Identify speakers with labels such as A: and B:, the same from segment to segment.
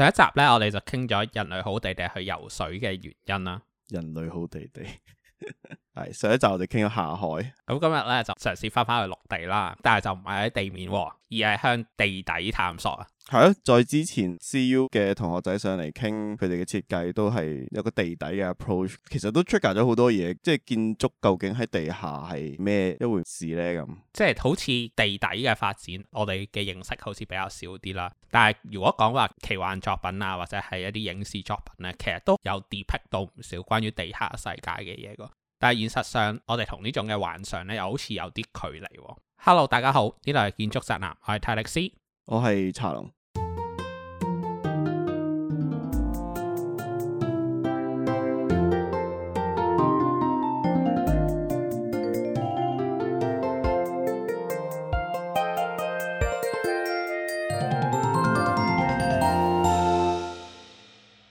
A: 上一集咧，我哋就傾咗人類好地地去游水嘅原因啦。人類好地地
B: 係 上一集我哋傾咗下海，
A: 咁、嗯、今日咧就嘗試翻翻去陸地啦，但係就唔係喺地面，而係向地底探索啊！
B: 係啊，在之前 CU 嘅同學仔上嚟傾佢哋嘅設計，都係有個地底嘅 approach，其實都 trigger 咗好多嘢，即係建築究竟喺地下係咩一回事呢？咁
A: 即係好似地底嘅發展，我哋嘅認識好似比較少啲啦。但係如果講話奇幻作品啊，或者係一啲影視作品咧，其實都有 depict 到唔少關於地下世界嘅嘢噶。但係現實上，我哋同呢種嘅幻想咧，又好似有啲距離喎。Hello，大家好，呢度係建築宅男，我係泰力斯，
B: 我係查龍。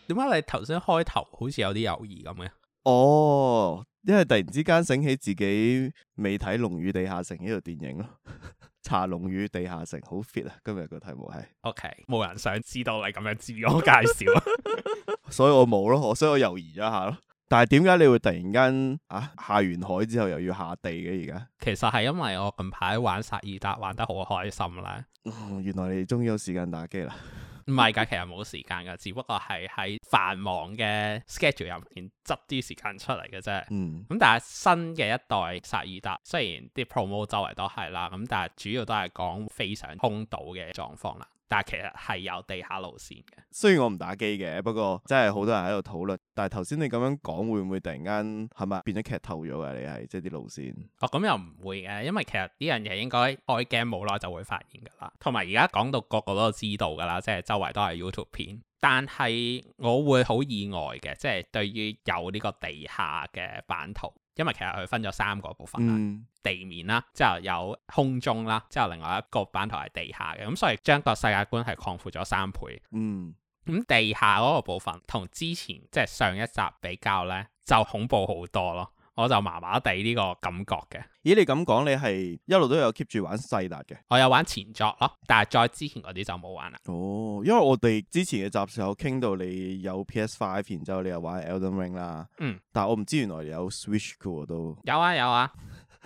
A: 點解你頭先開頭好似有啲猶豫咁嘅？
B: 哦，因為突然之間醒起自己未睇《龍與地下城》呢套電影咯，《查龍與地下城》好 fit 啊！今日個題目係
A: ，OK，冇人想知道你咁樣自我介紹、
B: 啊， 所以我冇咯，所以我猶豫咗下咯。但係點解你會突然間啊下完海之後又要下地嘅？而家
A: 其實係因為我近排玩《薩爾達》玩得好開心啦、嗯。
B: 原來你終於有時間打機啦。
A: 唔係㗎，其實冇時間㗎，只不過係喺繁忙嘅 schedule 入面執啲時間出嚟嘅啫。咁、嗯、但係新嘅一代薩爾達，雖然啲 promo 周圍都係啦，咁但係主要都係講非常空島嘅狀況啦。但係其實係有地下路線嘅。
B: 雖然我唔打機嘅，不過真係好多人喺度討論。但係頭先你咁樣講，會唔會突然間係咪變咗劇透咗㗎？你係即係啲路線。
A: 哦，咁又唔會嘅，因為其實呢樣嘢應該開 game 冇耐就會發現㗎啦。同埋而家講到個個都知道㗎啦，即係周圍都係 YouTube 片。但係我會好意外嘅，即係對於有呢個地下嘅版圖。因為其實佢分咗三個部分啦，嗯、地面啦，之後有空中啦，之後另外一個版圖係地下嘅，咁、嗯、所以將個世界觀係擴闊咗三倍。嗯，咁、嗯、地下嗰個部分同之前即係上一集比較咧，就恐怖好多咯。我就麻麻地呢個感覺嘅。咦，你咁講，你係
B: 一路都有 keep 住玩薩爾
A: 達嘅？我有玩前作咯，但係再之前嗰啲就冇玩啦。
B: 哦，因為我哋之前嘅集的時有傾到你有 PS Five，然之後你又玩 Elden Ring 啦。嗯，但我唔知原來有 Switch 嘅我都有、
A: 啊。有啊有 啊，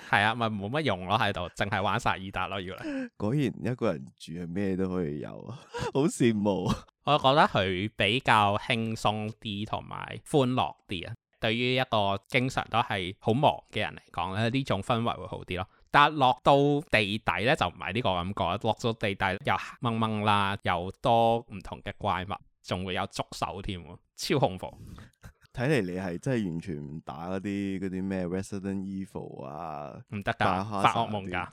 A: 係啊，咪冇乜用咯喺度，淨係玩薩爾達咯，要嚟
B: 果然一個人住係咩都可以有啊， 好羨羨慕 。
A: 我覺得佢比較輕鬆啲，同埋歡樂啲啊。對於一個經常都係好忙嘅人嚟講咧，呢種氛圍會好啲咯。但落到地底咧，就唔係呢個感覺。落到地底又黑掹掹啦，又多唔同嘅怪物，仲會有觸手添，超恐怖。
B: 睇嚟你係真係完全唔打嗰啲嗰啲咩 Resident Evil 啊，唔得噶，啊、發噩夢㗎。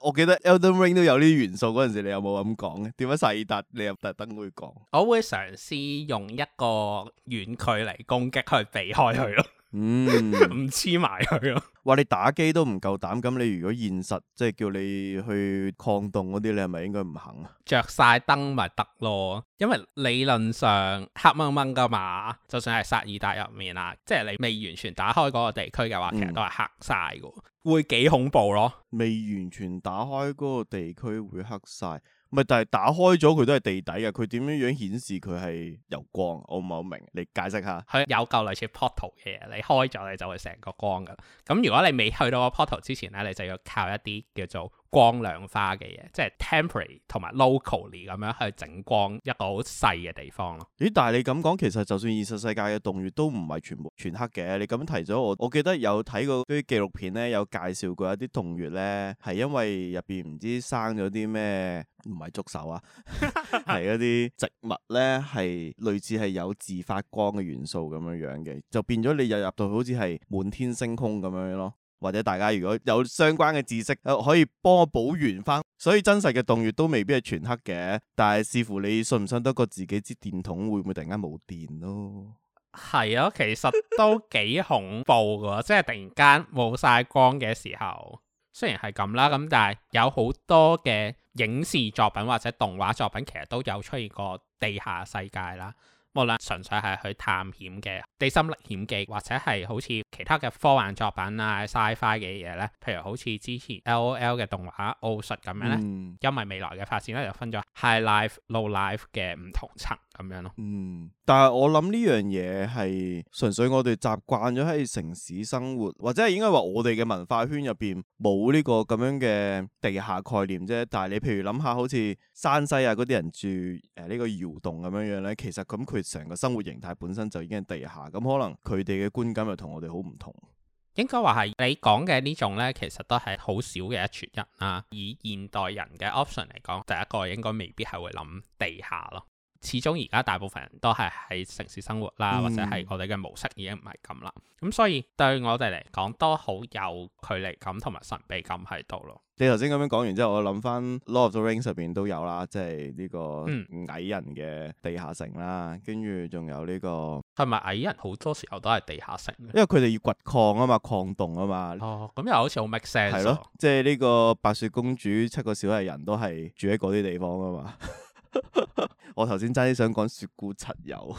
B: 我記得、e《Elden Ring》都有呢啲元素時，嗰陣時你有冇咁講嘅？點解薩爾達你又特登會講？
A: 我會嘗試用一個遠距離攻擊去避開佢咯。嗯，唔黐埋佢啊。
B: 話你打機都唔夠膽，咁你如果現實即係叫你去礦洞嗰啲，你係咪應該唔肯啊？
A: 着晒燈咪得咯，因為理論上黑掹掹噶嘛。就算係薩爾達入面啊，即係你未完全打開嗰個地區嘅話，其實都係黑晒噶，嗯、
B: 會幾恐怖咯。未完全打開嗰個地區會黑晒。咪係，但係打開咗佢都係地底嘅。佢點樣樣顯示佢係有光？我唔係好明，你解釋下。
A: 佢有嚿類似 portal 嘅嘢，你開咗你就會成個光噶啦，咁如果你未去到個 portal 之前咧，你就要靠一啲叫做。光亮化嘅嘢，即係 temporary 同埋 locally 咁樣去整光一個好細嘅地方咯。
B: 咦？但係你咁講，其實就算現實世界嘅洞穴都唔係全部全黑嘅。你咁樣提咗我，我記得有睇過啲紀錄片咧，有介紹過一啲洞穴咧，係因為入邊唔知生咗啲咩，唔係觸手啊，係 一啲植物咧，係類似係有自發光嘅元素咁樣樣嘅，就變咗你入入到好似係滿天星空咁樣咯。或者大家如果有相關嘅知識，可以幫我補完翻。所以真實嘅洞穴都未必係全黑嘅，但係視乎你信唔信得過自己，支電筒會唔會突然間冇電咯？
A: 係啊，其實都幾恐怖㗎， 即係突然間冇晒光嘅時候。雖然係咁啦，咁但係有好多嘅影視作品或者動畫作品，其實都有出現過地下世界啦。無論純粹係去探險嘅《地心歷險記》，或者係好似其他嘅科幻作品啊、sci-fi 嘅嘢咧，譬如好似之前 LOL《LOL》嘅動畫《奧術》咁樣咧，因為未來嘅發展咧，就分咗 High Life、Low Life 嘅唔同層。咁樣咯，嗯，
B: 但係我諗呢樣嘢係純粹我哋習慣咗喺城市生活，或者係應該話我哋嘅文化圈入邊冇呢個咁樣嘅地下概念啫。但係你譬如諗下，好似山西啊嗰啲人住誒、呃這個、呢個窑洞咁樣樣咧，其實咁佢成個生活形態本身就已經係地下，咁、嗯、可能佢哋嘅觀感又同我哋好唔
A: 同。應該話係你講嘅呢種咧，其實都係好少嘅一撮人啦。以現代人嘅 option 嚟講，第一個應該未必係會諗地下咯。始終而家大部分人都係喺城市生活啦，嗯、或者係我哋嘅模式已經唔係咁啦，咁所以對我哋嚟講，都好有距離感同埋神秘感喺度咯。
B: 你頭先咁樣講完之後，我諗翻《Lord of the Rings》上邊都有啦，即係呢個矮人嘅地下
A: 城啦，跟住仲有呢、呢個。係咪矮人好多時候都係地下城？因
B: 為佢哋要掘礦啊嘛，礦洞啊嘛。哦，
A: 咁又好似好 make sense。係咯，
B: 即係呢個白雪公主七個小矮人都係住喺嗰啲地方啊嘛。 我頭先真係想講雪姑七友，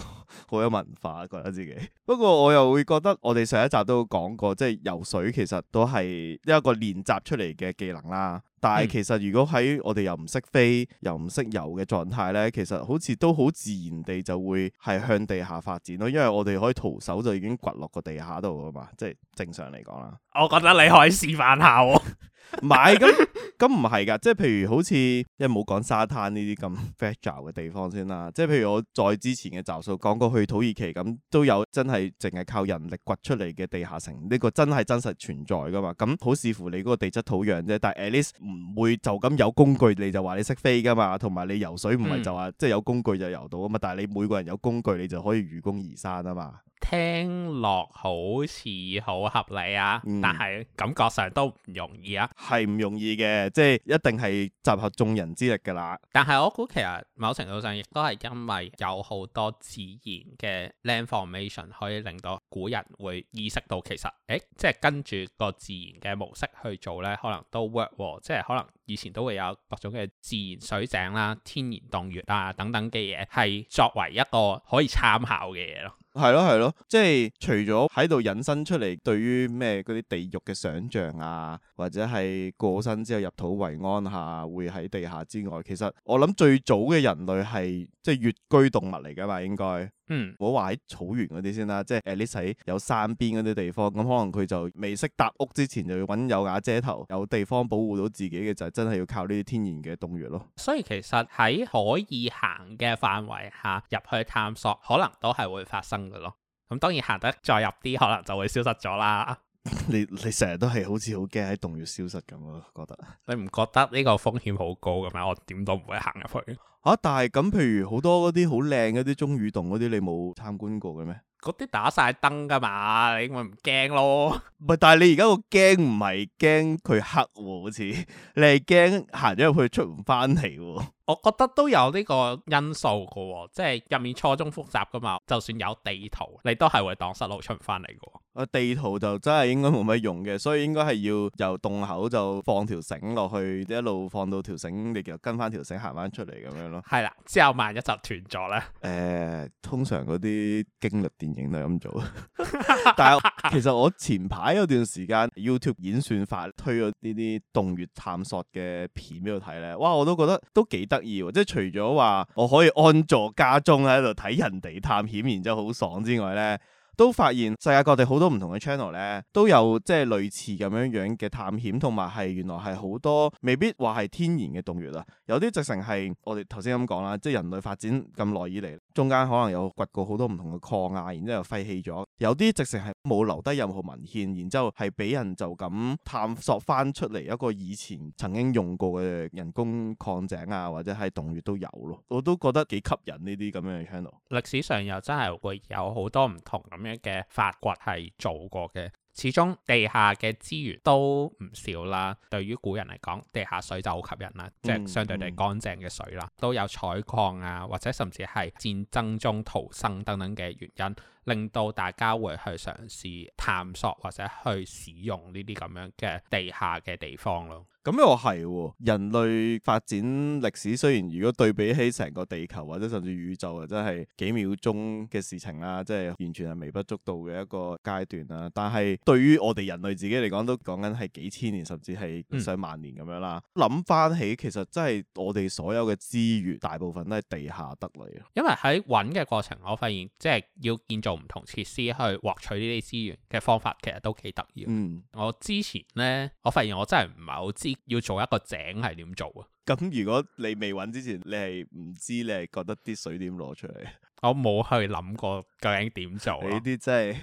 B: 好有文化，啊，覺得自己。 不過我又會覺得，我哋上一集都講過，即係游水其實都係一個練習出嚟嘅技能啦。但係其實如果喺我哋又唔識飛又唔識游嘅狀態呢，其實好似都好自然地就會係向地下發展咯。因為我哋可以徒手就已經掘落個地下度㗎嘛，即係正常嚟講啦。我覺得你可以示範下。 唔係，咁咁唔係噶，即係譬如好似，因為冇講沙灘呢啲咁 fragile 嘅地方先啦。即係譬如我再之前嘅集數講過去土耳其咁，都有真係淨係靠人力掘出嚟嘅地下城，呢、這個真係真實存在噶嘛。咁好視乎你嗰個地質土壤啫。但係 at least 唔會就咁有工具你就話你識飛噶嘛，同埋你游水唔係就話、嗯、即係有工具就游到啊嘛。但係你每個人有工具你就可以愚公移山啊嘛。
A: 聽落好似好合理啊，嗯、但係感覺上都唔容易啊，係唔容易嘅，即係一
B: 定係集合眾人之力噶啦。
A: 但係我估其實某程度上亦都係因為有好多自然嘅 land formation 可以令到古人會意識到，其實誒，即係跟住個自然嘅模式去做呢，可能都 work。即係可能以前都會有各種嘅自然水井啦、天然洞穴啊等等嘅嘢，係作為一個可以參考嘅嘢咯。
B: 係咯，係咯，即係除咗喺度引申出嚟，對於咩嗰啲地獄嘅想像啊，或者係過身之後入土為安下，會喺地下之外，其實我諗最早嘅人類係即係穴居動物嚟噶嘛，應該。嗯，我話喺草原嗰啲先啦，即係誒，你使有山邊嗰啲地方，咁可能佢就未識搭屋之前，就要揾有瓦遮頭，有地方保護到自己嘅就係、真係要靠呢啲天然嘅洞穴咯。
A: 所以其實喺可以行嘅範圍下入去探索，可能都係會發生嘅咯。咁當然行得再入啲，可能就會消失咗啦。
B: 你你成日都係好似好驚喺洞穴消失咁咯，覺得？
A: 你唔覺得呢個風險好高咁樣？我點都唔會行入去。吓、
B: 啊，但係咁譬如好多嗰啲好靚嗰啲鐘乳洞嗰啲，你冇參觀過嘅咩？
A: 嗰啲打晒燈噶嘛，你咪唔驚
B: 咯。唔係，但係你而家個驚唔係驚佢黑好似，你係驚行咗入去出唔返嚟。
A: 我覺得都有呢個因素噶。哦，即係入面錯綜複雜噶嘛，就算有地圖，你都係會蕩失路，出唔翻嚟噶。啊，地圖
B: 就真係應該冇乜用嘅，所以應該係要由洞口就放條繩落去，一路放到條繩，你就跟翻條繩行翻出嚟咁樣咯。
A: 係啦，之後萬一集斷咗咧？
B: 誒、呃，通常嗰啲驚栗電影都係咁做， 但係其實我前排有段時間 YouTube 演算法推咗呢啲洞穴探索嘅片俾我睇咧，哇，我都覺得都幾得。得意喎！即係除咗話，我可以安坐家中喺度睇人哋探險，然之後好爽之外咧。都發現世界各地好多唔同嘅 channel 咧，都有即係類似咁樣樣嘅探險，同埋係原來係好多未必話係天然嘅洞穴啊。有啲直成係我哋頭先咁講啦，即係人類發展咁耐以嚟，中間可能有掘過好多唔同嘅礦啊，然之後又廢棄咗。有啲直成係冇留低任何文獻，然之後係俾人就咁探索翻出嚟一個以前曾經用過嘅人工礦井啊，或者係洞穴都有咯。我都覺得幾吸引呢啲咁樣嘅
A: channel。歷史上又真係會有好多唔同咁嘅發掘係做過嘅，始終地下嘅資源都唔少啦。對於古人嚟講，地下水就好吸引啦，嗯、即係相對嚟乾淨嘅水啦，嗯、都有採礦啊，或者甚至係戰爭中逃生等等嘅原因。令到大家會去嘗試探索或者去使用呢啲咁樣嘅地下嘅地方咯。
B: 咁又係，人類發展歷史雖然如果對比起成個地球或者甚至宇宙啊，真係幾秒鐘嘅事情啦，即係完全係微不足道嘅一個階段啦。但係對於我哋人類自己嚟講，都講緊係幾千年甚至係上萬年咁樣啦。諗翻起其實真係我哋所有嘅資源，大部分都係地下得嚟。
A: 因為喺搵嘅過程，我發現即係要建造。唔同設施去獲取呢啲資源嘅方法，其實都幾得意。嗯，我之前呢，我發現我真係唔係好知要做一個井係點做
B: 啊。咁如果你未揾之前，你係唔知你係覺得啲水點攞出嚟？
A: 我冇去諗過究竟點做。呢啲真係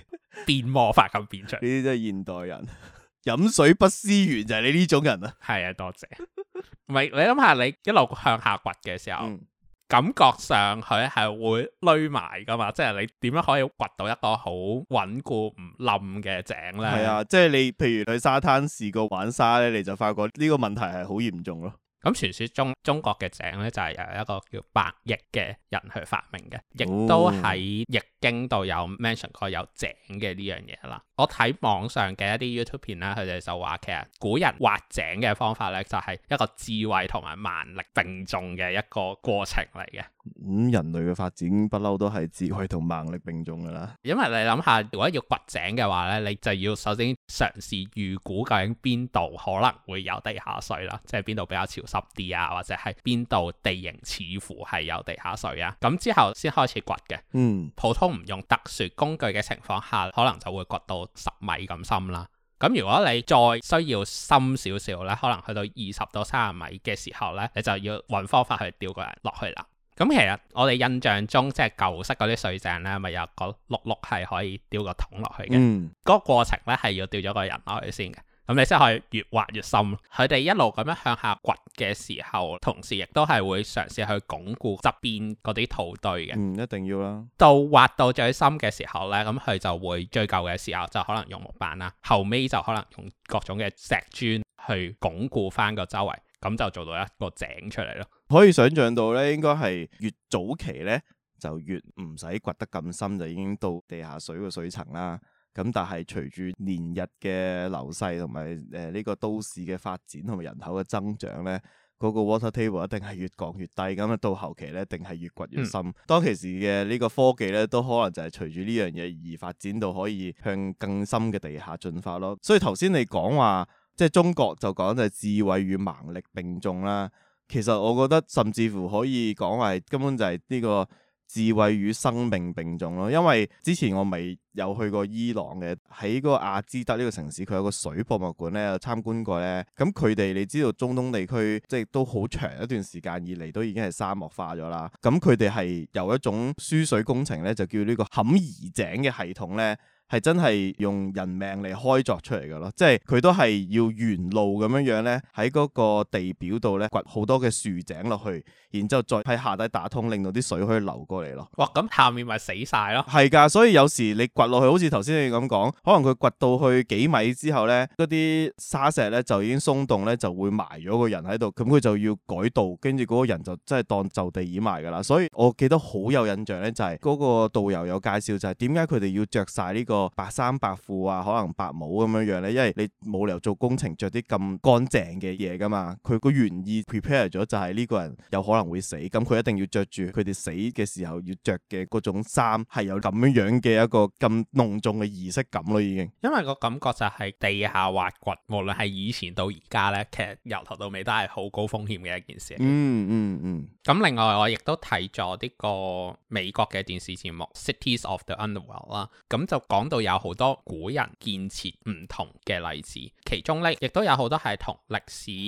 A: 變魔法咁變出嚟。
B: 呢啲真係現代人飲 水不思源就係你呢種人啊！係啊，多謝。
A: 唔係 你諗下，你一路向下掘嘅時候。嗯感覺上佢係會攣埋㗎嘛，即係你點樣可以掘到一個好穩固唔冧嘅井呢？係啊，
B: 即係你譬如去沙灘試過玩沙咧，你就發覺呢個問題係好嚴重咯。
A: 咁傳説中。中國嘅井咧就係、是、由一個叫伯益嘅人去發明嘅，亦都喺《易經》度有 mention 過有井嘅呢樣嘢啦。我睇網上嘅一啲 YouTube 片咧，佢哋就話其實古人挖井嘅方法咧就係、是、一個智慧同埋蠻力並重嘅一個過程嚟嘅。
B: 咁、嗯、人類嘅發展不嬲都係智慧同蠻力並重㗎喇。
A: 因為你諗下，如果要掘井嘅話咧，你就要首先嘗試預估究竟邊度可能會有地下水啦，即係邊度比較潮濕啲啊，或者～就係邊度地形似乎係有地下水啊，咁之後先開始掘嘅。嗯，普通唔用特殊工具嘅情況下，可能就會掘到十米咁深啦。咁如果你再需要深少少呢，可能去到二十到三十米嘅時候呢，你就要揾方法去吊個人落去啦。咁其實我哋印象中即係舊式嗰啲水井呢，咪、就是、有個碌碌係可以吊個桶落去嘅。嗯，嗰個過程呢，係要吊咗個人落去先嘅。咁你先可以越挖越深。佢哋一路咁樣向下掘嘅時候，同時亦都係會嘗試去鞏固側邊嗰啲土堆嘅。唔、嗯、一定要啦。到挖到最深嘅時候呢，咁佢就會最舊嘅時候就可能用木板啦，後尾就可能用各種嘅石磚去鞏固翻個周圍，咁就做到一個井出嚟咯。
B: 可以想象到呢，應該係越早期呢，就越唔使掘得咁深，就已經到地下水嘅水層啦。咁但係隨住年日嘅流逝同埋誒呢個都市嘅發展同埋人口嘅增長呢嗰、嗰個 water table 一定係越降越低，咁啊到後期呢，一定係越掘越深。嗯、當其時嘅呢個科技呢，都可能就係隨住呢樣嘢而發展到可以向更深嘅地下進發咯。所以頭先你講話即係、就是、中國就講就係智慧與蠻力並重啦。其實我覺得甚至乎可以講話根本就係呢、這個。智慧與生命並重咯，因為之前我咪有去過伊朗嘅，喺嗰個阿茲德呢個城市，佢有個水博物館咧，有參觀過咧。咁佢哋你知道中東地區即係都好長一段時間以嚟都已經係沙漠化咗啦。咁佢哋係由一種輸水工程咧，就叫呢個坎兒井嘅系統咧。係真係用人命嚟開鑿出嚟㗎咯，即係佢都係要沿路咁樣樣咧，喺嗰個地表度咧掘好多嘅豎井落去，然之後再喺下底打通，令到啲水可以流過嚟咯。
A: 哇！咁下面咪死晒咯？
B: 係㗎，所以有時你掘落去，好似頭先你咁講，可能佢掘到去幾米之後咧，嗰啲沙石咧就已經鬆動咧，就會埋咗個人喺度，咁佢就要改道，跟住嗰個人就真係、就係、當就地掩埋㗎啦。所以我記得好有印象咧，就係嗰個導遊有介紹就係點解佢哋要着晒呢個，白衫白褲啊，可能白帽咁樣樣咧，因為你冇理由做工程，着啲咁乾淨嘅嘢噶嘛。佢個原意 prepare 咗就係呢個人有可能會死，咁佢一定要着住佢哋死嘅時候要着嘅嗰種衫，係有咁樣樣嘅一個咁濃重嘅儀式感咯。已經
A: 因為個感覺就係地下挖掘，無論係以前到而家咧，其實由頭到尾都係好高風險嘅一件事。嗯嗯
B: 嗯。咁、嗯
A: 嗯、另外我亦都睇咗呢個美國嘅電視節目《Cities of the Underworld》啦，咁就講。講到有好多古人建設唔同嘅例子，其中呢亦都有好多係同歷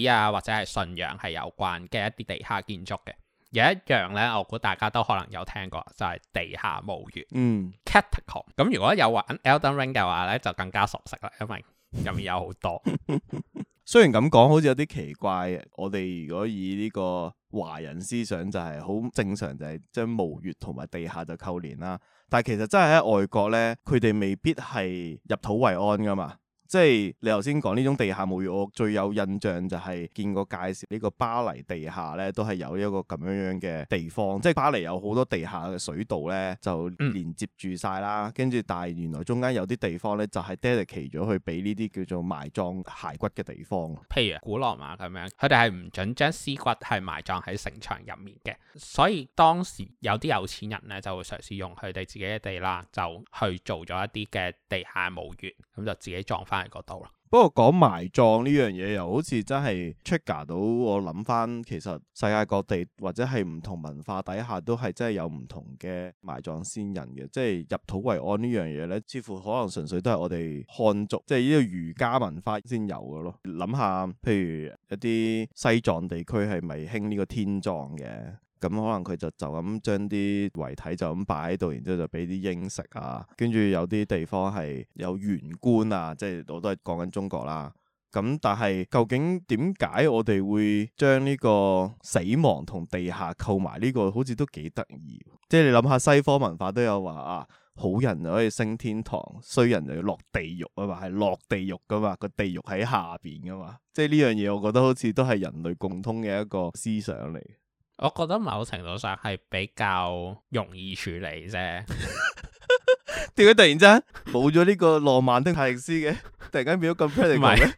A: 史啊或者係信仰係有關嘅一啲地下建築嘅。有一樣呢，我估大家都可能有聽過，就係、是、地下墓穴嗯 catacomb 咁如果有玩 Elden、er、Ring 嘅話呢，就更加熟悉啦，因為入面有好多。
B: 雖然咁講，好似有啲奇怪。我哋如果以呢個華人思想就，就係好正常，就係將墓穴同埋地下就扣連啦。但係其實真係喺外國咧，佢哋未必係入土為安噶嘛。即係你頭先講呢種地下墓穴，我最有印象就係見過介紹呢、這個巴黎地下咧，都係有一個咁樣樣嘅地方。即係巴黎有好多地下嘅水道咧，就連接住晒啦。跟住、嗯、但係原來中間有啲地方咧，就係、是、dedicate 咗去俾呢啲叫做埋葬骸骨嘅地方。
A: 譬如古羅馬咁樣，佢哋係唔准將屍骨係埋葬喺城牆入面嘅。所以當時有啲有錢人咧，就會嘗試用佢哋自己嘅地啦，就去做咗一啲嘅地下墓穴，咁就自己葬翻。個兜啦，
B: 不過講埋葬呢樣嘢，又好似真係 trigger 到我諗翻。其實世界各地或者係唔同文化底下都係真係有唔同嘅埋葬先人嘅，即係入土為安呢樣嘢咧，似乎可能純粹都係我哋漢族，即係呢個儒家文化先有嘅咯。諗下，譬如一啲西藏地區係咪興呢個天葬嘅？咁、嗯、可能佢就就咁將啲遺體就咁擺喺度，然之後就俾啲鷹食啊。跟住有啲地方係有懸棺啊，即係我都係講緊中國啦。咁、啊、但係究竟點解我哋會將呢個死亡同地下扣埋呢、這個，好似都幾得意。即係你諗下，西方文化都有話啊，好人就可以升天堂，衰人就要落地獄啊嘛，係落地獄噶嘛，個地獄喺下邊噶嘛。即係呢樣嘢，我覺得好似都係人類共通嘅一個思想嚟。
A: 我覺得某程度上係比較容易處理啫。
B: 點解突然間冇咗呢個浪漫的泰迪師嘅？突然間變咗咁。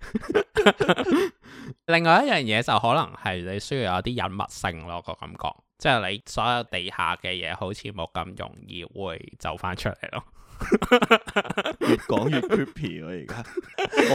A: 另外一樣嘢就可能係你需要有啲隱密性咯，個感覺，即係你所有地下嘅嘢，好似冇咁容易會走翻出嚟咯。
B: 越講越 creepy 我而家，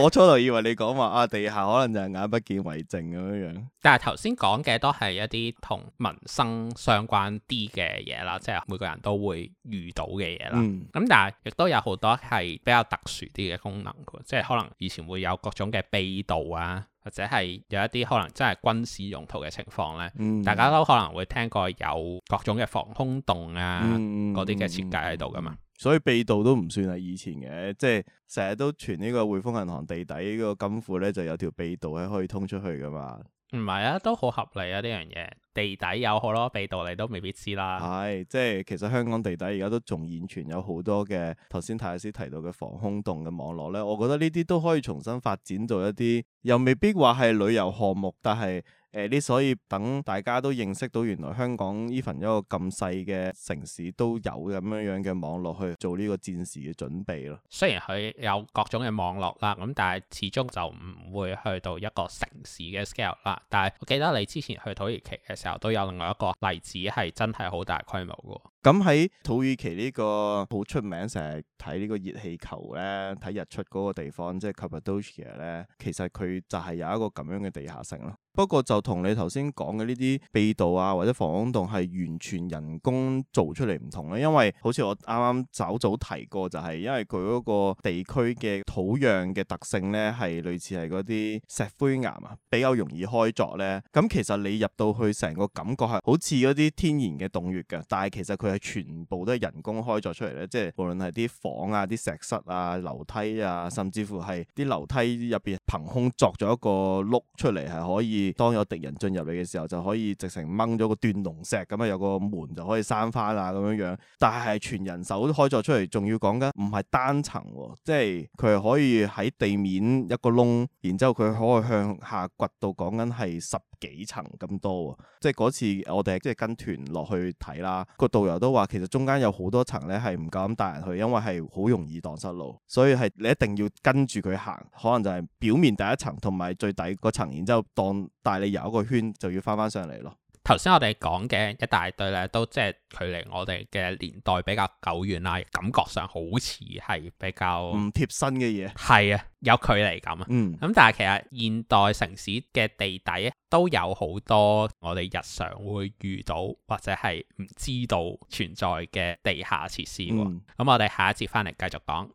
B: 我初頭以為你講話啊地下可能就係眼不見為淨咁樣樣，
A: 但係頭先講嘅都係一啲同民生相關啲嘅嘢啦，即係每個人都會遇到嘅嘢啦。咁、嗯嗯、但係亦都有好多係比較特殊啲嘅功能，即係可能以前會有各種嘅秘道啊，或者係有一啲可能真係軍事用途嘅情況咧，嗯、大家都可能會聽過有各種嘅防空洞啊嗰啲嘅設計喺度噶嘛。
B: 所以秘道都唔算係以前嘅，即係成日都傳呢個匯豐銀行地底個金庫咧，就有條秘道係可以通出去噶嘛。
A: 唔係啊，都好合理啊呢樣嘢。地底有好多秘道，你都未必知啦。係，即係其實香港地
B: 底而家都仲現存有好多嘅，頭先泰斯提到嘅防空洞嘅網絡咧，我覺得呢啲都可以重新發展做一啲，又未必話係旅遊項目，但係。誒，呢所以等大家都認識到，原來香港 even 一個咁細嘅城市都有咁樣樣嘅網絡去做呢個戰時嘅準備咯。
A: 雖然佢有各種嘅網絡啦，咁但係始終就唔會去到一個城市嘅 scale 啦。但係我記得你之前去土耳其嘅時候都有另外一個例子係真係好大規模嘅。
B: 咁喺土耳其呢個好出名成日睇呢個熱氣球咧、睇日出嗰個地方，即係 Cappadocia 咧，其實佢就係有一個咁樣嘅地下城咯。不過就同你頭先講嘅呢啲秘道啊，或者防空洞係完全人工做出嚟唔同咧，因為好似我啱啱早早提過，就是，就係因為佢嗰個地區嘅土壤嘅特性咧，係類似係嗰啲石灰岩啊，比較容易開鑿咧。咁、嗯、其實你入到去成個感覺係好似嗰啲天然嘅洞穴嘅，但係其實佢係全部都係人工開鑿出嚟咧，即係無論係啲房啊、啲石室啊、樓梯啊，甚至乎係啲樓梯入邊。憑空作咗一個窿出嚟，係可以當有敵人進入嚟嘅時候，就可以直成掹咗個斷龍石，咁啊有個門就可以閂翻啦咁樣樣。但係全人手都開咗出嚟，仲要講緊，唔係單層，即係佢係可以喺地面一個窿，然之後佢可以向下掘到講緊係十幾層咁多喎？即係嗰次我哋即係跟團落去睇啦，個導遊都話其實中間有好多層咧，係唔夠膽帶人去，因為係好容易蕩失路，所以係你一定要跟住佢行，可能就係表面第一層同埋最底嗰層，然之後當帶你遊一個圈，就
A: 要翻翻上嚟咯。頭先我哋講嘅一大堆咧，都即係距離我哋嘅年代比較久遠啦，感覺上好似係比較唔貼身嘅嘢。係啊，有距離感啊。嗯。咁但係其實現代城市嘅地底都有好多我哋日常會遇到或者係唔知道存在嘅地下設施。嗯。咁我哋下一節翻嚟繼續講。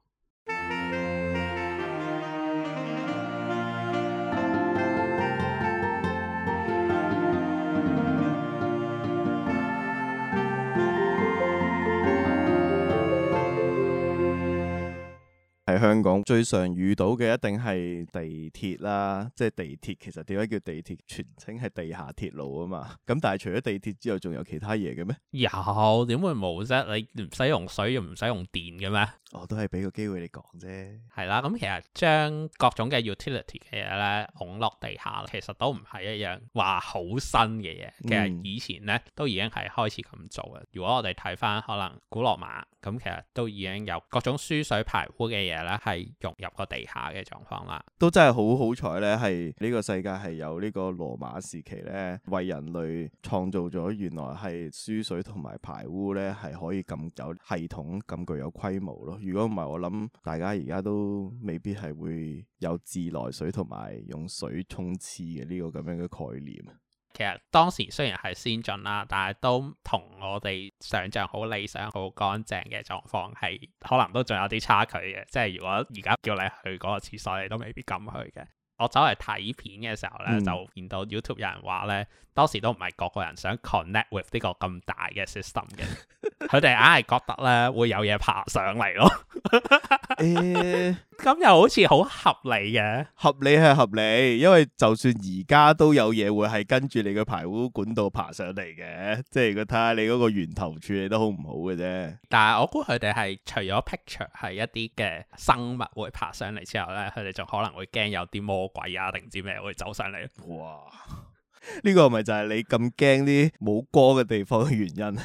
A: 嗯
B: 香港最常遇到嘅一定係地鐵啦，即係地鐵其實點解叫地鐵？全稱係地下鐵路啊嘛。咁但係除咗地鐵之外，仲有其他嘢嘅
A: 咩？有，點會冇啫？你唔使用，用水又唔使用，用電嘅咩？我都係俾個機會你講啫，係啦，咁、嗯、其實將各種嘅 utility 嘅嘢咧，拱落地下，其實都唔係一樣話好新嘅嘢，其實以前咧都已經係開始咁做嘅。如果我哋睇翻可能古羅馬，咁其實都已經有各種輸水排污嘅嘢咧，係融入個地下嘅狀況啦。
B: 都真係好好彩咧，係呢個世界係有呢個羅馬時期咧，為人類創造咗原來係輸水同埋排污咧係可以咁有系統咁具有規模咯。如果唔係，我諗大家而家都未必係會有自來水同埋用水沖廁嘅呢個咁樣嘅概念。其
A: 實當時雖然係先進啦，但係都同我哋想象好理想、好乾淨嘅狀況係可能都仲有啲差距嘅。即係如果而家叫你去嗰個廁所，你都未必敢去嘅。我走嚟睇片嘅時候咧，嗯、就見到 YouTube 有人話咧，當時都唔係個個人想 connect with 呢個咁大嘅 system 嘅。 佢哋硬係覺得咧，會有嘢爬上嚟咯、 欸。誒，咁又好似好合理嘅。
B: 合理係合理，因為就算而家都有嘢會係跟住你嘅排污管道爬上嚟嘅，即係佢睇下你嗰個源頭處理得好唔好嘅啫。
A: 但係我估佢哋係除咗 picture 係一啲嘅生物會爬上嚟之後咧，佢哋仲可能會驚有啲魔鬼啊定唔知咩會走上嚟。哇！
B: 呢 個係咪就係你咁驚啲冇光嘅地方嘅原因？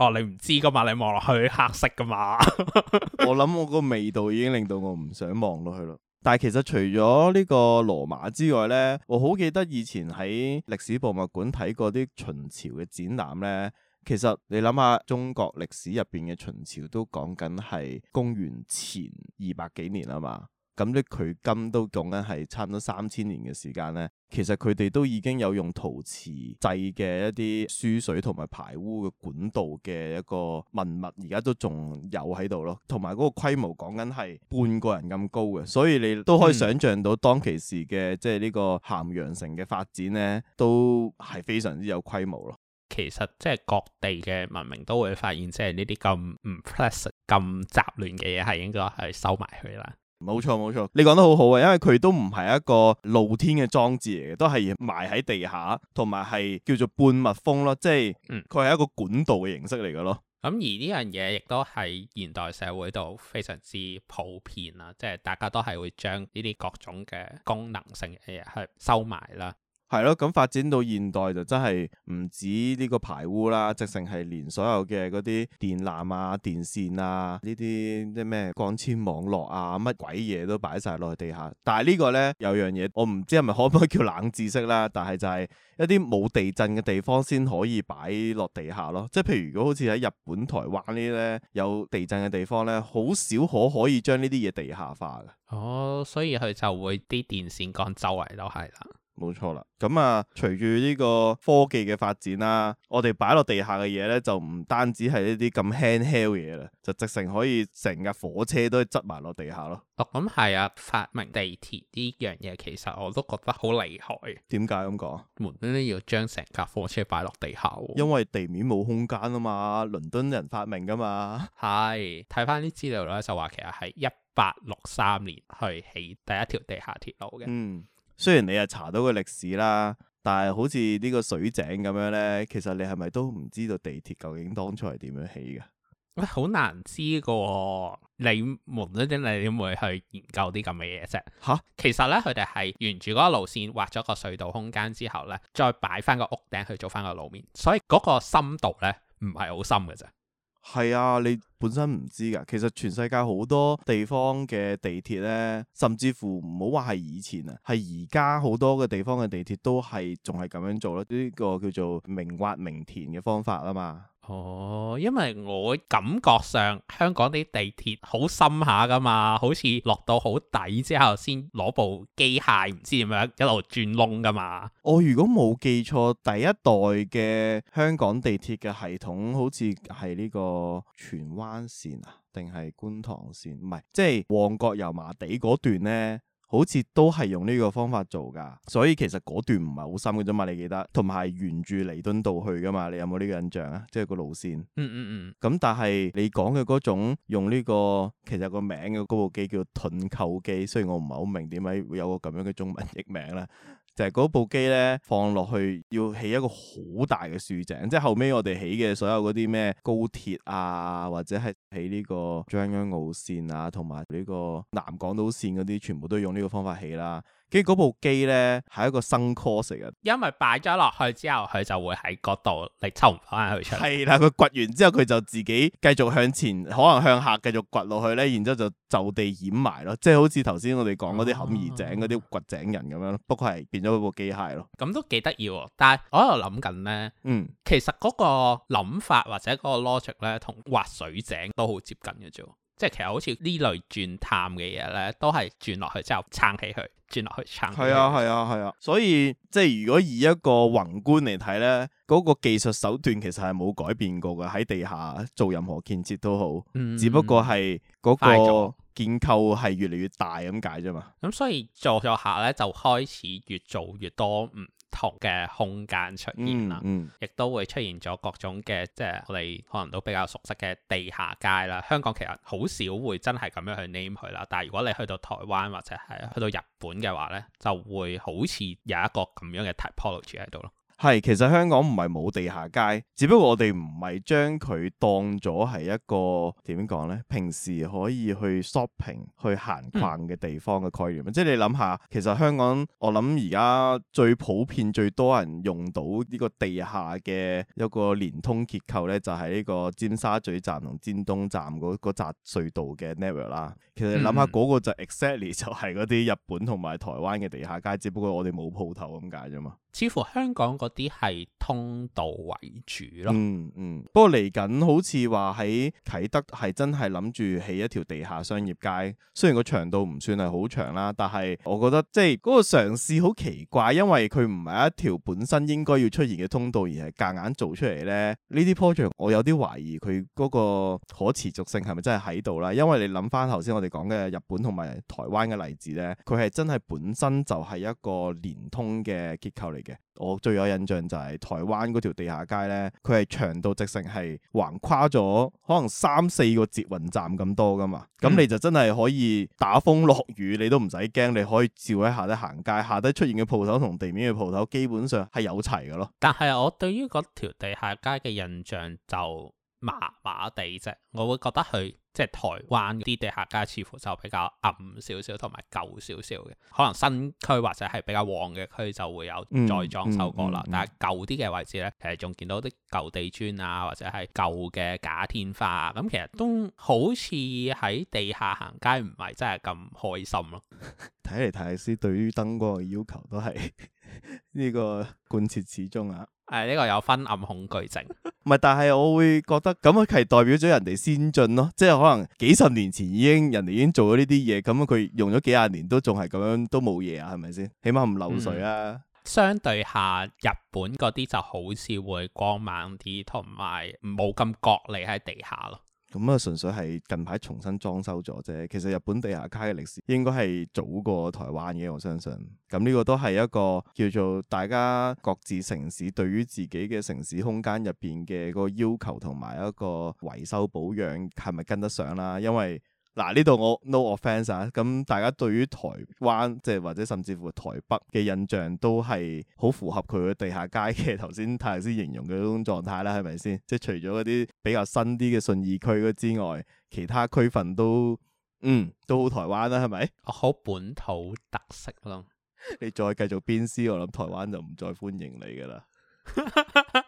A: 哦，你唔知噶嘛？你望落去黑色噶嘛？
B: 我諗我個味道已經令到我唔想望落去咯。但係其實除咗呢個羅馬之外咧，我好記得以前喺歷史博物館睇過啲秦朝嘅展覽咧。其實你諗下，中國歷史入邊嘅秦朝都講緊係公元前二百幾年啊嘛。咁即佢今都講緊係差唔多三千年嘅時間咧，嗯、其實佢哋都已經有用陶瓷製嘅一啲輸水同埋排污嘅管道嘅一個文物，而家都仲有喺度咯。同埋嗰個規模講緊係半個人咁高嘅，所以你都可以想象到當其時嘅即係呢個咸陽城嘅發展咧，都係
A: 非常之有規模咯。其實即係各地嘅文明都會發現，即係呢啲咁唔複雜、咁雜亂嘅嘢，係應該係收埋佢啦。
B: 冇錯冇錯，你講得好好啊，因為佢都唔係一個露天嘅裝置嚟嘅，都係埋喺地下，同埋係叫做半密封咯，即係，佢係一個管道嘅形式嚟嘅咯。
A: 咁、嗯、而呢樣嘢亦都喺現代社會度非常之普遍啦，即係大家都係會將呢啲各種嘅功能性嘅嘢去收埋啦。
B: 係咯，咁、嗯嗯、發展到現代就真係唔止呢個排污啦，直成係連所有嘅嗰啲電纜啊、電線啊呢啲啲咩光纖網絡啊乜鬼嘢都擺晒落去地下。但係呢個咧有樣嘢，我唔知係咪可唔可以叫冷知識啦，但係就係一啲冇地震嘅地方先可以擺落地下咯。即係譬如如果好似喺日本、台灣呢啲咧有地震嘅地方咧，好少可可以將呢啲嘢地下化
A: 嘅。哦，所以佢就會啲電線杆周圍都係啦。
B: 冇錯啦，咁啊，隨住呢個科技嘅發展啦，我哋擺落地下嘅嘢咧，就唔單止係呢啲咁輕巧嘢啦，就直成可以成架火車都係執埋落地下咯。
A: 我諗係啊，發明地鐵呢樣嘢，其實我都覺得好厲害。點解咁講？
B: 門端端要將成架火車擺落地下？因為地面冇空間啊嘛，倫敦人發明㗎嘛。
A: 係，睇翻啲資料咧就話，其實係一八六三年去起第一條地下鐵路嘅。嗯。
B: 雖然你係查到個歷史啦，但係好似呢個水井咁樣呢，其實你係咪都唔知道地鐵究竟當初係點樣起㗎？
A: 好難知㗎喎，你門呢啲你點會去研究啲咁嘅嘢啫？吓蛤，其實呢，佢哋係沿住嗰個路線挖咗個隧道空間之後呢，再擺翻個屋頂去做翻個路面，所以嗰個深度呢，唔係好深嘅啫。
B: 係啊，你本身唔知噶。其實全世界好多地方嘅地鐵咧，甚至乎唔好話係以前啊，係而家好多嘅地方嘅地鐵都係仲係咁樣做咯。呢個叫做明挖明填嘅方法啊嘛。
A: 哦，因為我感覺上香港啲地鐵好深下噶嘛，好似落到好底之後先攞部機械唔知點樣一路鑽窿噶嘛。
B: 我、哦、如果冇記錯，第一代嘅香港地鐵嘅系統好似係呢個荃灣線啊，定係觀塘線？唔係，即係旺角油麻地嗰段呢。好似都係用呢個方法做噶，所以其實嗰段唔係好深嘅啫嘛，你記得，同埋沿住彌敦道去噶嘛，你有冇呢個印象啊？即係個路線。嗯嗯嗯。咁、嗯、但係你講嘅嗰種用呢個，其實個名嘅嗰部機叫盾構機，雖然我唔係好明點解會有個咁樣嘅中文譯名啦。就嗰部機咧，放落去要起一個好大嘅豎井，即係後尾我哋起嘅所有嗰啲咩高鐵啊，或者係起呢個將軍澳線啊，同埋呢個南港島線嗰啲，全部都用呢個方法起啦。跟住嗰部機咧，係一個新 course 嘅，
A: 因為擺咗落去之後，佢就會喺嗰度你抽翻佢出。係啦，佢
B: 掘完之後，佢就自己繼續向前，可能向下繼續掘落去咧，然之後就就地掩埋咯，即係好似頭先我哋講嗰啲坎兒井嗰啲掘井人咁樣，不過係變咗部機械咯。
A: 咁都幾得意喎！但係我喺度諗緊咧，嗯，其實嗰個諗法或者嗰個 logic 咧，同挖水井都好接近嘅啫。即係其實好似呢類鑽探嘅嘢咧，都係鑽落去之後撐起佢，鑽落去撐佢。係啊，係
B: 啊，係啊。所以即係如果以一個宏觀嚟睇咧，嗰、嗰個技術手段其實係冇改變過嘅，喺地下做任何建設都好，只不過係嗰個建構係越嚟越大咁解啫嘛。
A: 咁、嗯嗯、所以做咗下咧，就開始越做越多。嗯。同嘅空間出現啦，亦、嗯嗯、都會出現咗各種嘅，即、就、係、係、我哋可能都比較熟悉嘅地下街啦。香港其實好少會真係咁樣去 name 佢啦，但係如果你去到台灣或者係去到日本嘅話呢，就會好似有一個咁樣嘅 typology 喺度咯。
B: 係，其實香港唔係冇地下街，只不過我哋唔係將佢當咗係一個點講咧？平時可以去 shopping、去行逛嘅地方嘅概念。嗯、即係你諗下，其實香港，我諗而家最普遍、最多人用到呢個地下嘅一個連通結構咧，就係、是、呢個尖沙咀站同尖東站嗰個集隧道嘅 network 啦。其實你諗下，嗰、嗯、個就 exactly 就係嗰啲日本同埋台灣嘅地下街，只不過我哋冇鋪頭咁解啫嘛。
A: 似乎香港嗰啲係通道為主咯。嗯
B: 嗯。不過嚟緊好似話喺啟德係真係諗住起一條地下商業街。雖然個長度唔算係好長啦，但係我覺得即係嗰個嘗試好奇怪，因為佢唔係一條本身應該要出現嘅通道，而係夾硬做出嚟咧。呢啲 project 我有啲懷疑佢嗰個可持續性係咪真係喺度啦？因為你諗翻頭先我哋講嘅日本同埋台灣嘅例子咧，佢係真係本身就係一個連通嘅結構嚟。我最有印象就係台灣嗰條地下街呢，佢係長到直成係橫跨咗可能三四個捷運站咁多噶嘛，咁、嗯、你就真係可以打風落雨你都唔使驚，你可以照喺下底行街，下底出現嘅鋪頭同地面嘅鋪頭基本上係有齊嘅咯。
A: 但係我對於嗰條地下街嘅印象就麻麻地啫，我會覺得佢。即係台灣啲地下街似乎就比較暗少少，同埋舊少少嘅，可能新區或者係比較旺嘅區就會有再裝修過啦、嗯。嗯嗯、但係舊啲嘅位置呢，其實仲見到啲舊地磚啊，或者係舊嘅假天花啊，咁其實都好似喺地下行街唔係真係咁開心咯。睇
B: 嚟泰迪斯對於燈光嘅要求都係呢個貫徹始終啊。
A: 誒，呢個有昏暗恐懼症，
B: 唔係，但係我會覺得咁樣，係代表咗人哋先進咯，即係可能幾十年前已經人哋已經做咗呢啲嘢，咁佢用咗幾廿年都仲係咁樣，都冇嘢啊，係咪先？起碼唔漏水啦、
A: 啊嗯。相對下，日本嗰啲就好似會光猛啲，同埋冇咁角離喺地下咯。
B: 咁啊，純粹係近排重新裝修咗啫。其實日本地下街嘅歷史應該係早過台灣嘅，我相信。咁呢個都係一個叫做大家各自城市對於自己嘅城市空間入邊嘅個要求同埋一個維修保養係咪跟得上啦？因為嗱，呢度我 no offence 啊，咁、no 啊嗯、大家對於台灣即係或者甚至乎台北嘅印象都係好符合佢嘅地下街嘅頭先泰師形容嘅嗰種狀態啦，係咪先？即係除咗嗰啲比較新啲嘅信義區嗰之外，其他區份都嗯都好台灣啦、啊，係咪？好本土特色咯。 你再繼續鞭屍，我諗台灣就唔再歡迎你㗎啦。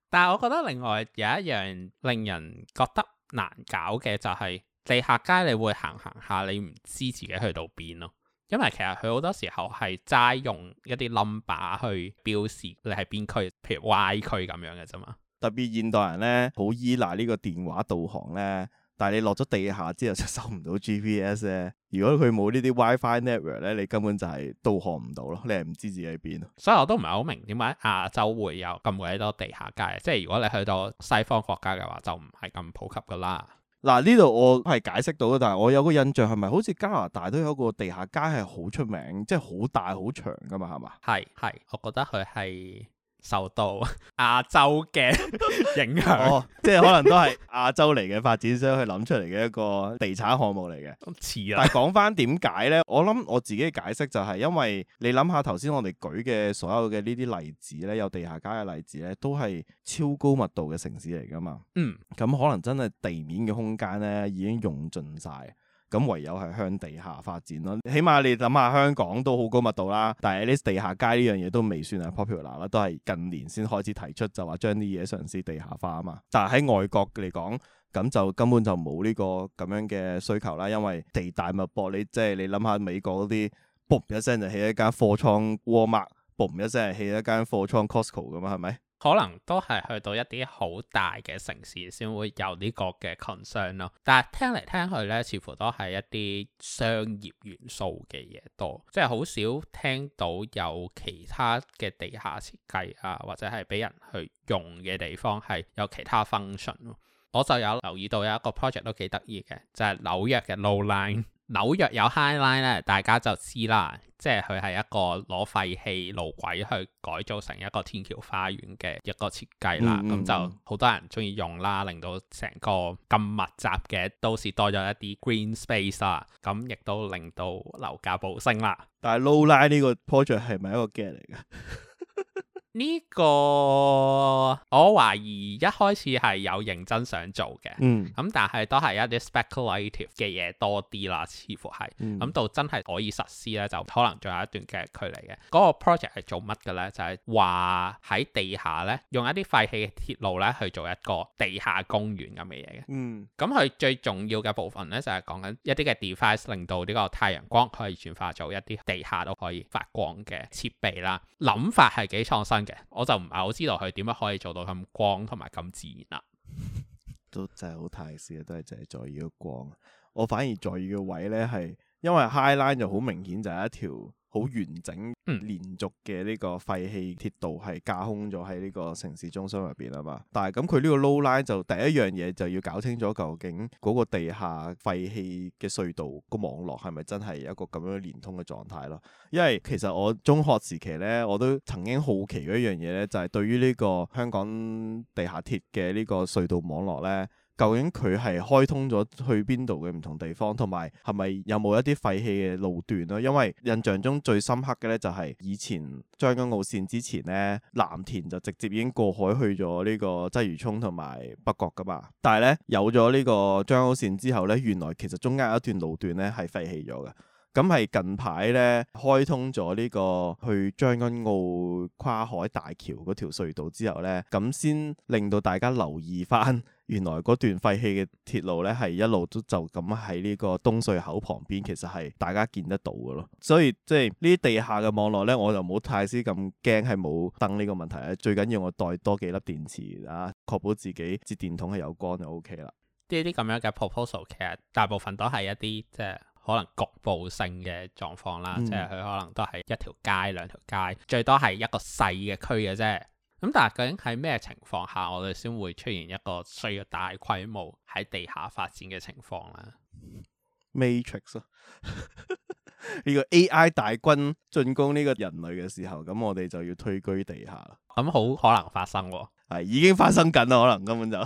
A: 但係我覺得另外有一樣令人覺得難搞嘅就係、是。地下街你會行行下，你唔知自己去到邊咯。因為其實佢好多時候係齋用一啲 number 去標示你係邊區，譬如 Y 區咁樣嘅啫嘛。
B: 特別現代人咧，好依賴呢個電話導航咧。但係你落咗地下之後就收唔到 GPS 咧。如果佢冇呢啲 WiFi network 咧，你根本就係導航唔到咯。你係唔知自己喺邊咯。
A: 所以我都唔係好明點解亞洲會有咁鬼多地下街。即係如果你去到西方國家嘅話，就唔係咁普及噶啦。
B: 嗱，呢度我係解釋到啦，但係我有個印象係咪好似加拿大都有個地下街係好出名，即係好大好長㗎嘛，係嘛？
A: 係係，我覺得佢係。受到亞洲嘅 影響，oh，即係可能都係
B: 亞洲嚟嘅 發展商去諗出嚟嘅一個地產項目嚟嘅。似啊，但係講翻點解咧？我諗我自己解釋就係因為你諗下頭先我哋舉嘅所有嘅呢啲例子咧，有地下街嘅例子咧，都係超高密度嘅城市嚟噶嘛。嗯，咁可能真係地面嘅空間咧已經用盡晒。咁唯有係向地下發展咯，起碼你諗下香港都好高密度啦，但係至少地下街呢樣嘢都未算係 popular 啦，都係近年先開始提出就話將啲嘢嘗試地下化啊嘛。但係喺外國嚟講，咁就根本就冇呢個咁樣嘅需求啦，因為地大物博，你即係、就是、你諗下美國嗰啲，boom 一聲就起一間貨倉 Walmart，boom 一聲就起一間貨倉 Costco 咁啊，係咪？
A: 可能都係去到一啲好大嘅城市先會有呢個嘅擴張咯。但係聽嚟聽去呢，似乎都係一啲商業元素嘅嘢多，即係好少聽到有其他嘅地下設計啊，或者係俾人去用嘅地方係有其他 function。我就有留意到有一個 project 都幾得意嘅，就係紐約嘅 Low Line。紐約有 High Line 咧，大家就知啦，即係佢係一個攞廢棄路軌去改造成一個天橋花園嘅一個設計啦，咁、嗯嗯、就好多人中意用啦，令到成個咁密集嘅都市多咗一啲 green space 啦，咁亦都令到樓價暴升啦。
B: 但係 Low Line 呢個 project 係咪一個 get 嚟嘅？
A: 呢、這個我懷疑一開始係有認真想做嘅，嗯，咁但係都係一啲 speculative 嘅嘢多啲啦，似乎係咁、嗯嗯、到真係可以實施咧，就可能仲有一段嘅距離嘅。嗰個 project 係做乜嘅咧？就係話喺地下咧，用一啲廢棄嘅鐵路咧去做一個地下公園咁嘅嘢嘅。嗯，咁佢最重要嘅部分咧就係講緊一啲嘅 device 令到呢個太陽光可以轉化做一啲地下都可以發光嘅設備啦。諗法係幾創新。我就唔係好知道佢點樣可以做到咁光同埋咁自然啦，都真係好睇，都係淨係
B: 在意個光。我反而在意嘅位呢，係因為 highline 就好明顯就係一條好完整連續嘅呢個廢棄鐵道係架空咗喺呢個城市中心入邊啊嘛，但係咁佢呢個 low line 就第一樣嘢就要搞清楚，究竟嗰個地下廢棄嘅隧道個網絡係咪真係一個咁樣連通嘅狀態咯？因為其實我中學時期咧，我都曾經好奇一樣嘢咧，就係對於呢個香港地下鐵嘅呢個隧道網絡咧。究竟佢係開通咗去邊度嘅唔同地方，同埋係咪有冇一啲廢棄嘅路段咧？因為印象中最深刻嘅咧，就係以前將軍澳線之前咧，藍田就直接已經過海去咗呢個鰂魚涌同埋北角噶嘛。但係咧，有咗呢個將軍澳線之後咧，原來其實中間有一段路段咧係廢棄咗嘅。咁係近排咧開通咗呢個去將軍澳跨海大橋嗰條隧道之後咧，咁先令到大家留意翻。 原來嗰段廢棄嘅鐵路咧，係一路都就咁喺呢個東隧口旁邊，其實係大家見得到嘅咯。所以即係呢啲地下嘅網絡咧，我就冇太師咁驚係冇燈呢個問題啊。最緊要我帶多幾粒電池啊，確保自己接電筒係有光就 OK 啦。
A: 呢啲咁樣嘅 proposal 其實大部分都係一啲即係可能局部性嘅狀況啦，即係佢可能都係一條街兩條街，最多係一個細嘅區嘅啫。咁但係究竟喺咩情況下，我哋先會出現一個需要大規模喺地下發展嘅情況啦
B: ？Matrix 呢 個 AI 大軍進攻呢個人類嘅時候，咁我哋就要退居地下啦。
A: 咁好可能發生喎、
B: 啊，係已經發生緊啦，可能根本就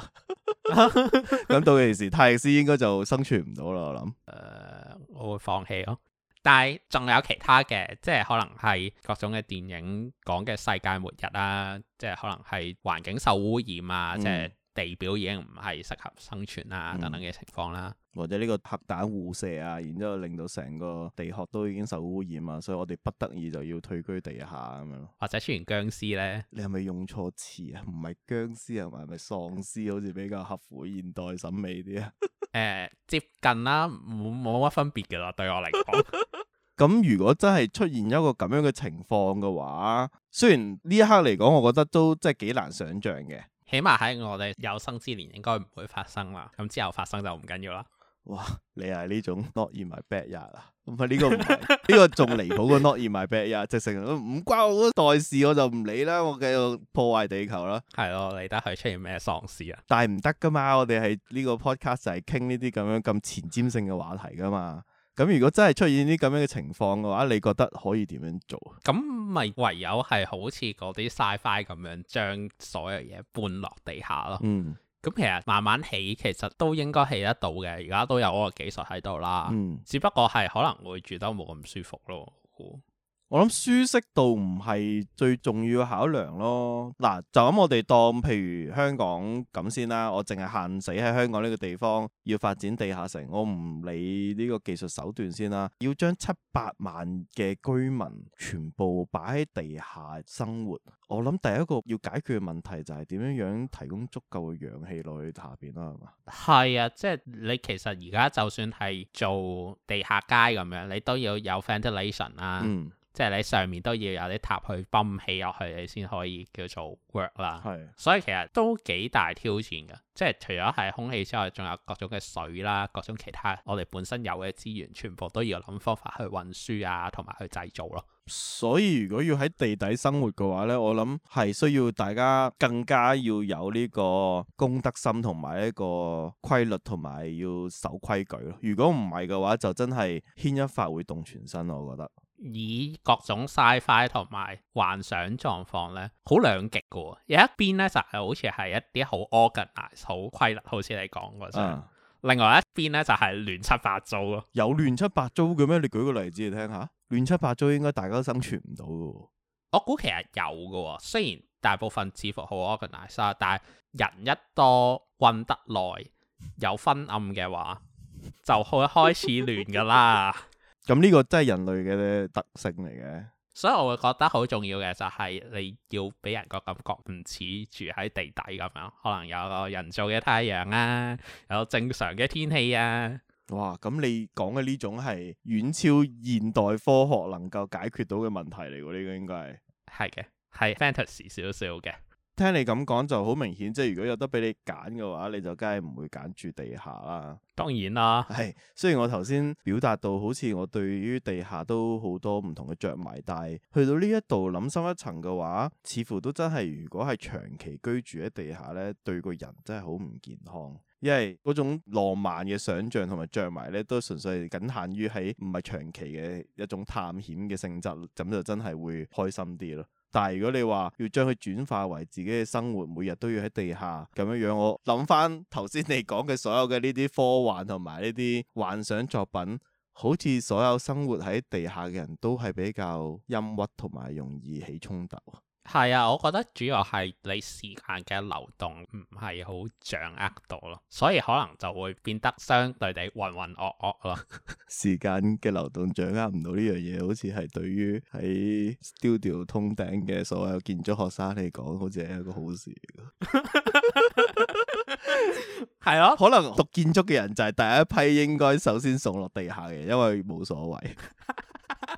B: 咁 到時泰斯應該就生存唔到啦，我諗。誒
A: ，uh, 我會放棄咯、啊。但係仲有其他嘅，即係可能係各種嘅電影講嘅世界末日啦，即係可能係環境受污染啊，嗯、即係地表已經唔係適合生存啊等等嘅情況啦。
B: 或者呢個核彈互射啊，然之後令到成個地殼都已經受污染啊，所以我哋不得已就要退居地下咁樣
A: 咯。或者出現僵屍咧？
B: 你係咪用錯詞啊？唔係僵屍，係咪喪屍？好似比較合乎現代審美啲啊？
A: 誒、嗯，接近啦，冇冇乜分別噶啦，對我嚟
B: 講。咁 如果真係出現一個咁樣嘅情況嘅話，雖然呢一刻嚟講，我覺得都即係幾難想象嘅。
A: 起碼喺我哋有生之年應該唔會發生啦。咁之後發生就唔緊要啦。
B: 哇！你係呢種 not in my backyard 啊？唔係呢個，唔係呢個仲離譜過 not in my backyard 直成唔關我代事，我就唔理啦，我繼續破壞地球
A: 啦。係咯，你得去出現咩喪屍啊？
B: 但係唔得噶嘛，我哋係呢個 podcast 係傾呢啲咁樣咁前瞻性嘅話題噶嘛。咁如果真係出現啲咁樣嘅情況嘅話，你覺得可以點樣做？
A: 咁咪唯有係好似嗰啲 sci-fi 咁樣，將所有嘢搬落地下咯。嗯。咁其實慢慢起，其實都應該起得到嘅。而家都有嗰個技術喺度啦，嗯、只不過係可能會住得冇咁舒服咯。
B: 我諗舒適度唔係最重要考量咯。嗱、啊，就咁我哋當，譬如香港咁先啦。我淨係限死喺香港呢個地方要發展地下城，我唔理呢個技術手段先啦。要將七百萬嘅居民全部擺喺地下生活，我諗第一個要解決嘅問題就係點樣樣提供足夠嘅氧氣落去下邊啦，係嘛？
A: 係啊，即係你其實而家就算係做地下街咁樣，你都要有 ventilation 啊。嗯即係你上面都要有啲塔去泵起落去，你先可以叫做 work 啦。係是，所以其實都幾大挑戰㗎。即係除咗係空氣之外，仲有各種嘅水啦，各種其他我哋本身有嘅資源，全部都要諗方法去運輸啊，同埋去製造咯、
B: 啊。所以如果要喺地底生活嘅話咧，我諗係需要大家更加要有呢個公德心同埋一個規律，同埋要守規矩咯。如果唔係嘅話，就真係牽一發會動全身，我覺得。
A: 以各種 sci-fi 同埋幻想狀況咧，好兩極嘅喎。有一邊咧就係好似係一啲好 organize 好規律，好似你講過。嗯。另外一邊咧就係亂七八糟咯。
B: 有亂七八糟嘅咩？你舉個例子嚟聽下。亂七八糟應該大家都生存唔到嘅喎。
A: 我估其實有嘅喎，雖然大部分制服好 organize 但係人一多混得耐，有昏暗嘅話，就開開始亂嘅啦。
B: 咁呢個真係人類嘅特性嚟嘅，
A: 所以我會覺得好重要嘅就係你要俾人個感覺唔似住喺地底咁樣，可能有個人造嘅太陽啊，有正常嘅天氣啊。哇！
B: 咁你講嘅呢種係遠超現代科學能夠解決到嘅問題嚟嘅，呢個應該係係嘅，
A: 係 fantasy 少少嘅。
B: 聽你咁講就好明顯，即係如果有得俾你揀嘅話，你就梗係唔會揀住地下啦。當然啦，係、哎、雖然我頭先表達到好似我對於地下都好多唔同嘅着迷，但係去到呢一度諗深一層嘅話，似乎都真係如果係長期居住喺地下咧，對個人真係好唔健康。因為嗰種浪漫嘅想象同埋着迷咧，都純粹係僅限於喺唔係長期嘅一種探險嘅性質，咁就真係會開心啲咯。但如果你話要將佢轉化為自己嘅生活，每日都要喺地下咁樣樣，我諗翻頭先你講嘅所有嘅呢啲科幻同埋呢啲幻想作品，好似所有生活喺地下嘅人都係比較陰鬱同埋容易起衝突。
A: 係啊，我覺得主要係你時間嘅流動唔係好掌握到咯，所以可能就會變得相對地混混噩噩咯。
B: 時間嘅流動掌握唔到呢樣嘢，好似係對於喺 studio 通頂嘅所有建築學生嚟講，好似係一個好事。係咯，可能讀建築嘅人就係第一批應該首先送落地下嘅，因為冇所謂。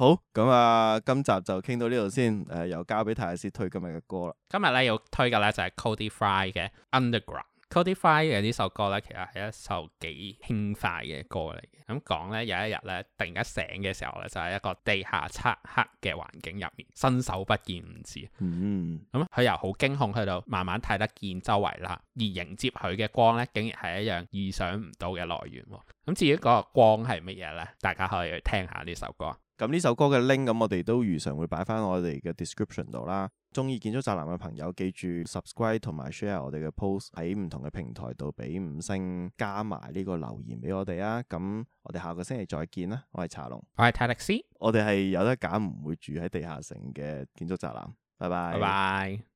B: 好咁啊！今集就傾到呢度先。誒、呃，又交俾泰爾斯推今日嘅歌啦。
A: 今日咧要推嘅咧就係、是、Cody Fry 嘅 Underground。Cody Fry 嘅呢首歌咧，其實係一首幾輕快嘅歌嚟嘅。咁講咧，有一日咧，突然間醒嘅時候咧，就係、是、一個地下漆黑嘅環境入面，伸手不見五指。嗯咁佢、嗯、由好驚恐，去到慢慢睇得見周圍啦，而迎接佢嘅光咧，竟然係一樣意想唔到嘅來源。咁、嗯、至於嗰個光係乜嘢咧，大家可以去聽下呢首歌。
B: 咁呢首歌嘅 link，咁我哋都如常會擺翻我哋嘅 description 度啦。中意建築宅男嘅朋友，記住 subscribe 同埋 share 我哋嘅 post 喺唔同嘅平台度，俾五星加埋呢個留言俾我哋啊！咁我哋下個星期再見啦。我係茶龍，
A: 我係泰力斯，
B: 我哋係有得揀，唔會住喺地下城嘅建築宅男。拜拜。Bye
A: bye